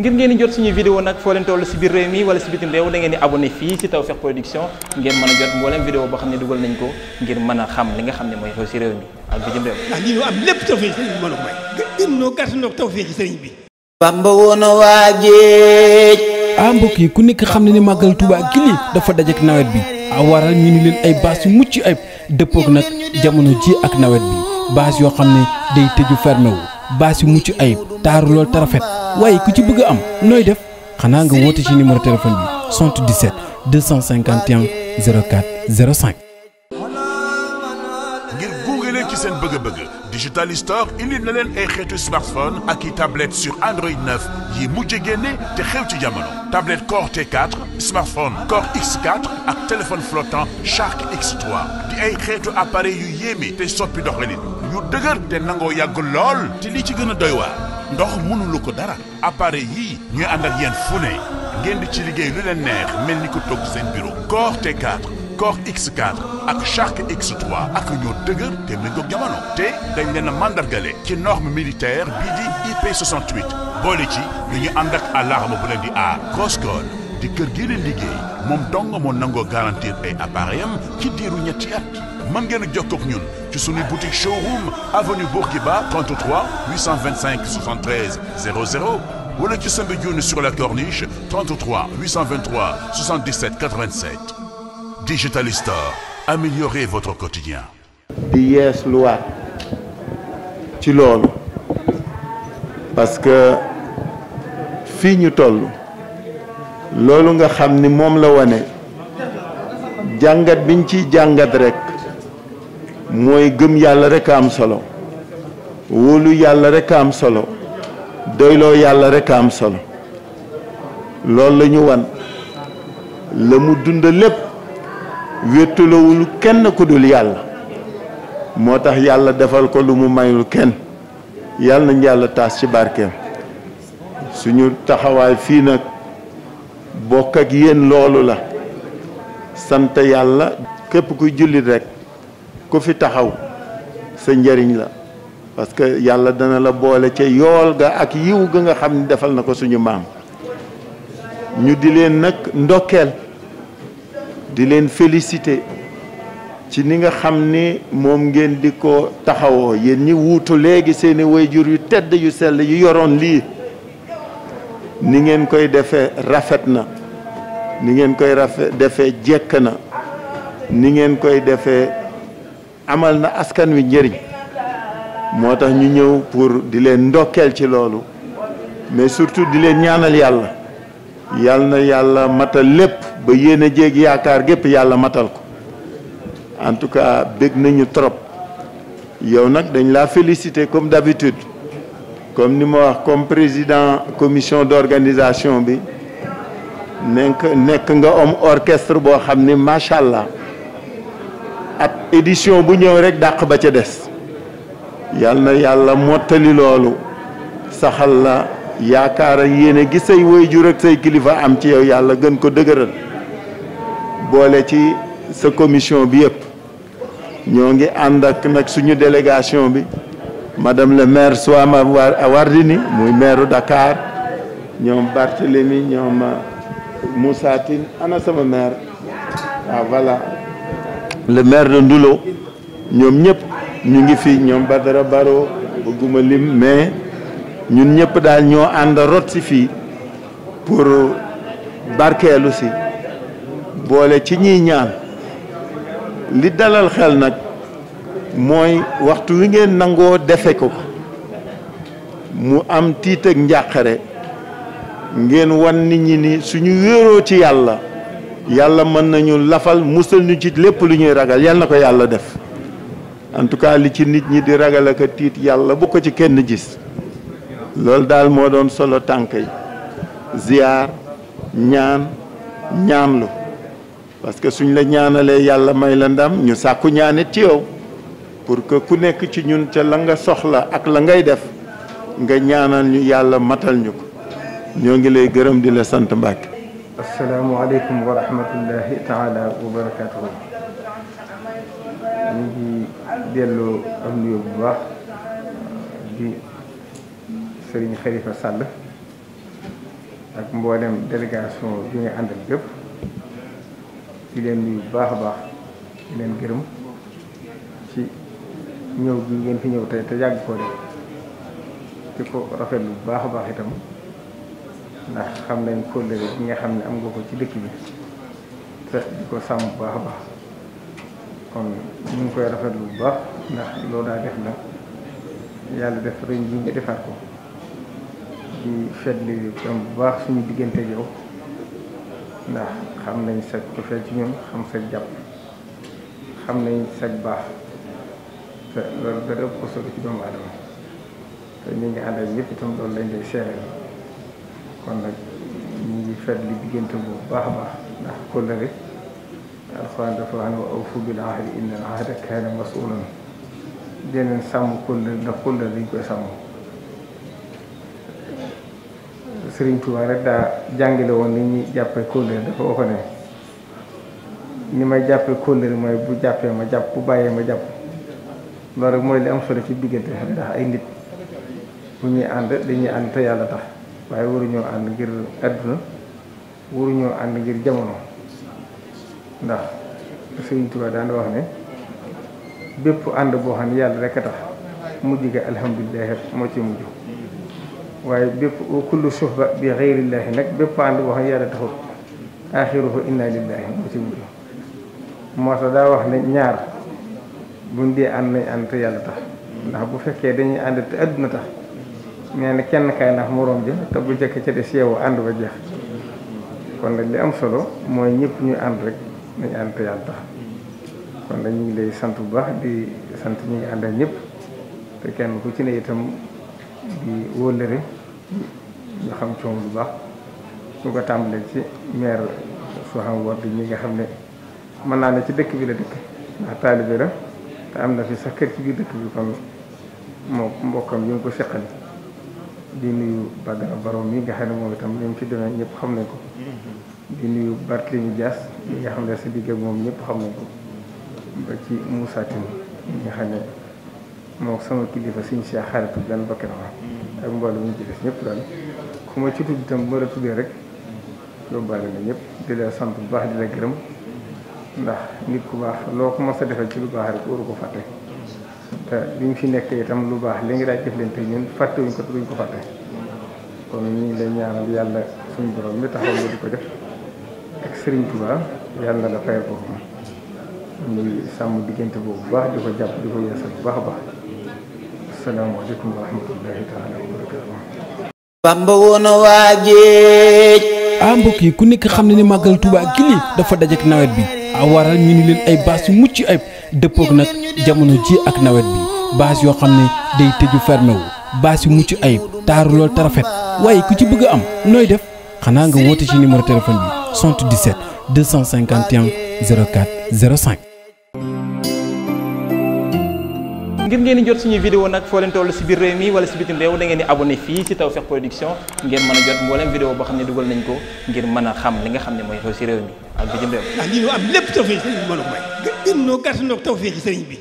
ngir ngeen di jot suñu vidéo nag foo leen toll si biir réew mi wala si bitim réew da ngeen di abonné fii si Tawfekh Production ngeen mën a jot mboolem vidéo boo xam ne dugal nañ ko ngir mën a xam li nga xam ne mooy xew si réew mi ak bitim réew. ndax lii ñu am lépp tawfeex sëriñ bi mën a may. Bamba woon waa géej. ah mbokk yi ku nekk xam ne ne màggal Tuubaa gi nii dafa dajek nawet bi a ah, waral ñu ni leen ay baas yu mucc ay dëppook nag jamono ji ak nawet bi baas yoo xam ne day tëju fermé wu baas yu mucc ayib taaru lool tarafet waaye ku ci bëgg a am nooy def xanaa nga woote ci numéro téléphone bi 77 251 04 05. ngir google ci seen bëgg-bëgg digital store indil na leen ay xeetu smartphone ak i tablette sur Android 9 yi mujj génne te xew ci jamono. tablette Core T4 smartphone Core x ak téléphone flottant Shark X3 ay xeetu appareil yu yéeme te soppi doxalin. yu dëgër te nangoo yàgg lool te lii ci gën a doy waar ndox mënulu ko dara appareil yii ñuy ànd ak yéen fu ne ngeen di ci liggéey lu leen neex mel ni ko toog seen bureau Core T4 Core X4 ak Shark X3 ak ñoo dëgër te méngoog jamono te dañ leen a mandargale ci norme militaire bii di IP68 boole ci lu ñu ànd ak alarme bu leen di aar Crosscall di kër gi liggéey moom dong moo nangoo garantir ay appareil am ci diiru ñetti at mën ngeen a jokkoo ak ñun ci suñu boutique showroom avenue Bourguiba 33 825 73 00 wala ci sambi junni sur la corniche 33 823 77 87 Digital Store améliorez votre quotidien di yees luwaat ci loolu parce que fii ñu toll loolu nga xam ni moom la wone jàngat biñ ci jàngat rekk mooy gëm yàlla rekk a am solo wóolu yàlla rekk a am solo doyloo yàlla rekk a am solo loolu la ñu wan la mu dund lépp wéttulawul kenn ku dul yàlla moo tax yàlla defal ko lu mu mayul kenn yàlla nañ yàlla taas ci barkeem suñu taxawaay fii nag bokk ak yéen loolu la sant yàlla képp kuy jullit rekk ku fi taxaw sa njëriñ la parce que yàlla dana la boole ci yool ga ak yiw ga nga xam ni defal na ko suñu maam ñu di leen nag ndokkeel di leen félicité ci ni nga xam ni moom ngeen di ko taxawoo yéen ñi wuutu léegi seeni wayjur yu tedd yu sell yu yoroon lii ni ngeen koy defee rafet na ni ngeen koy rafet defee jekk na ni ngeen koy defee amal na askan wi njëriñ moo tax ñu ñëw pour di leen ndokkeel ci loolu mais surtout di leen ñaanal yàlla yàlla na yàlla matal lépp ba yéen a jéeg yaakaar gépp yàlla matal ko en tout cas bég nañu trop yow nag dañ laa féliciter comme d'habitude comme ni ma wax comme président commission d'organisation bi nekk nekk nga om orchestre boo xam ni macha allah ab édition bu ñëw rek dàq ba ca des yal na yàlla mottali loolu saxal la yaakaar ak gis gi say jur ak say kilifa am ci yow yàlla gën ko dëgëral boole ci sa commission bi yëpp ñoo ngi ànd ak nag suñu délégation bi madame le maire Soham Wardini muy maire Dakar ñoom Barthélemy ñoom euh, Moussa Tine ana sama maire ah voilà le maire de ñoom ñëpp ñu ngi fi ñoom Badara Baro bëgguma lim mais ñun ñëpp daal ñoo ànd rot si fii pour barkeelu si boole ci ñiy ñaan li dalal xel nag mooy waxtu wi ngeen nangoo defe ko mu am tiit njàqare ngeen wan nit ñi ni suñu wéeroo ci yàlla yàlla mën nañu lafal musal ñu ci lépp lu ñuy ragal yàlla na ko yàlla def en tout cas li ci nit ñi di ragal ak tiit yàlla bu ko ci kenn gis loolu daal moo doon solo tànk yi ziyaar ñaan ñaanlu parce que suñ la ñaanalee yàlla may la ndam ñu sàkku ñaanit ci yow pour que ku nekk ci ñun ca la nga soxla ak la ngay def nga ñaanal ñu yàlla matal ñu ko ñoo ngi lay gërëm di la sant Mbàkke asalaamualeykum wa rahmatullahi taala wa barakatuhu ñu ngi delloo ak mboolem délégation bi nga àndal bépp di leen nuyu baax a baax di leen gërëm ci ñëw bi ngeen fi ñëw tey te yàgg koo def di ko rafetlu bu baax a baax itam ndax xam nañ kóllëre gi nga xam ne am nga ko ci dëkk bi te di ko sàmm bu baax a kon ñu ngi koy rafetlu bu baax ndax loo daa def la yàlla def rëñ bi nga defaat ko di fetli tam bu baax suñu diggante yow ndax xam nañ set sag cofeel ci ñun xam sag jàpp xam nañ sag baax te loolu dara ëpp ko solo ci doomu aadama te ñu ngi àndal ñëpp itam loolu lañ lay seeral kon nag ñu ngi fet li diggante bu baax baax ndax kóllëre alxuraan dafa wax ne wa awfu bil ahdi sàmm kóllëre ndax kóllëre dañ koy sàmm Sëriñ Tuubaa rek daa jàngale woon ni ñuy jàppee kóllëre dafa waxoon ni may jàppee kóllëre mooy bu jàppee ma jàpp bu bàyyee ma jàpp loolu rek mooy li am solo ci diggante ndax ay nit bu ñuy ànd dañuy ànd te yàlla tax waaye waruñoo ànd ngir àdduna waruñoo ànd ngir jamono ndax Sëriñ Tuubaa daan wax ne bépp ànd boo xam ne yàlla rek a tax mujj ga alhamdulilah moo ci mujj waaye bépp kullu suhba bi xeyrillaahi nag bépp ànd boo xam yàlla taxut axiruhu inna lillahi moo ci mujj moo tax daa wax ne ñaar buñ dee ànd nañ ànd te yàlla tax ndax bu fekkee dañuy ànd te àdduna tax nee na kenn kay ndax moroom ja te bu jëkk ca des yeewu ànd ba jeex kon li am solo mooy ñëpp ñu ànd rek nañ ànd te yàlla tax kon nag lay sant bu baax di sant ñi ngi àndal ñëpp te kenn ku ci ne itam di wóllëre ñu xam coom bu baax ñu ko tàmbalee ci maire soo xam war di ñi nga xam ne mën naa ne ci dëkk bi la dëkk ndax taalibe la te am na fi sax kër ci biir dëkk bi kon moo mbokkam yi mu ko seqal di nuyu Badara Baro mi nga xam ne moom itam li mu fi ñëpp xam nañ ko di nuyu Barthélémy Dias mi nga xam ne sa digg moom ñëpp xam nañ ko ba ci Moussa Tine mi xam ne moom sama kilifa suñu si xaritu benn bokk na fa ak mbooloo ñu ci des ñëpp daal ku ma ci tudd itam bu ma la tuddee rek yóbbaale na ñëpp di sant bu baax di gërëm. ndax nit ku baax loo ko mos a defal ci lu baax rek waru ko fàtte te bi mu fi nekkee itam lu baax li ngi daaj jëflante ñun fàttewuñ ko te ko fàtte kon ñu ngi lay ñaanal yàlla suñu borom mi taxaw di ko def ak Serigne Touba yàlla la fayal ko ñu ngi sàmm diggante boobu bu baax di ko jàpp di ko yeesal bu baax a baax asalaamaaleykum wa rahmatullahi taala wa barakatuh bamba a waa géej ah yi ku nekk xam ne ni màggal tubaa gi lii dafa dajeek nawet bi waral ñu ni leen ay bâche yu mucc ayib dëppook nag jamono ji ak nawet bi bâche yoo xam ne day tëju fermé wu bâche yu mucc ayib taaru lool te rafet waaye ku ci bëgg am nooy def xanaa nga woote ci numéro téléphone bi 77 ngir ngeen di jot suñu vidéo nag foo leen toll si biir réew mi wala si bitim réew da ngeen di abonné fii si Tawfekh Production ngeen mën jot mboolem vidéo boo xam ne dugal nañ ko ngir mën a xam li nga xam ne mooy xew si réew mi ak bi jëm réew. ndax ah, lii ñu am lépp tawfeex sëriñ bi moo may. gën noo gàtt noo tawfeex sëriñ bi.